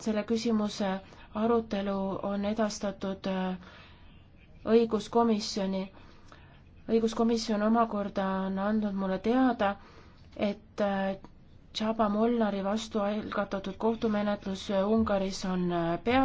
selle küsimuse arutelu on edastatud äh, õiguskomisjoni. õiguskomisjon omakorda on andnud mulle teada, et Tšaba äh, Molnari vastu algatatud kohtumenetlus Ungaris on äh, peatatud.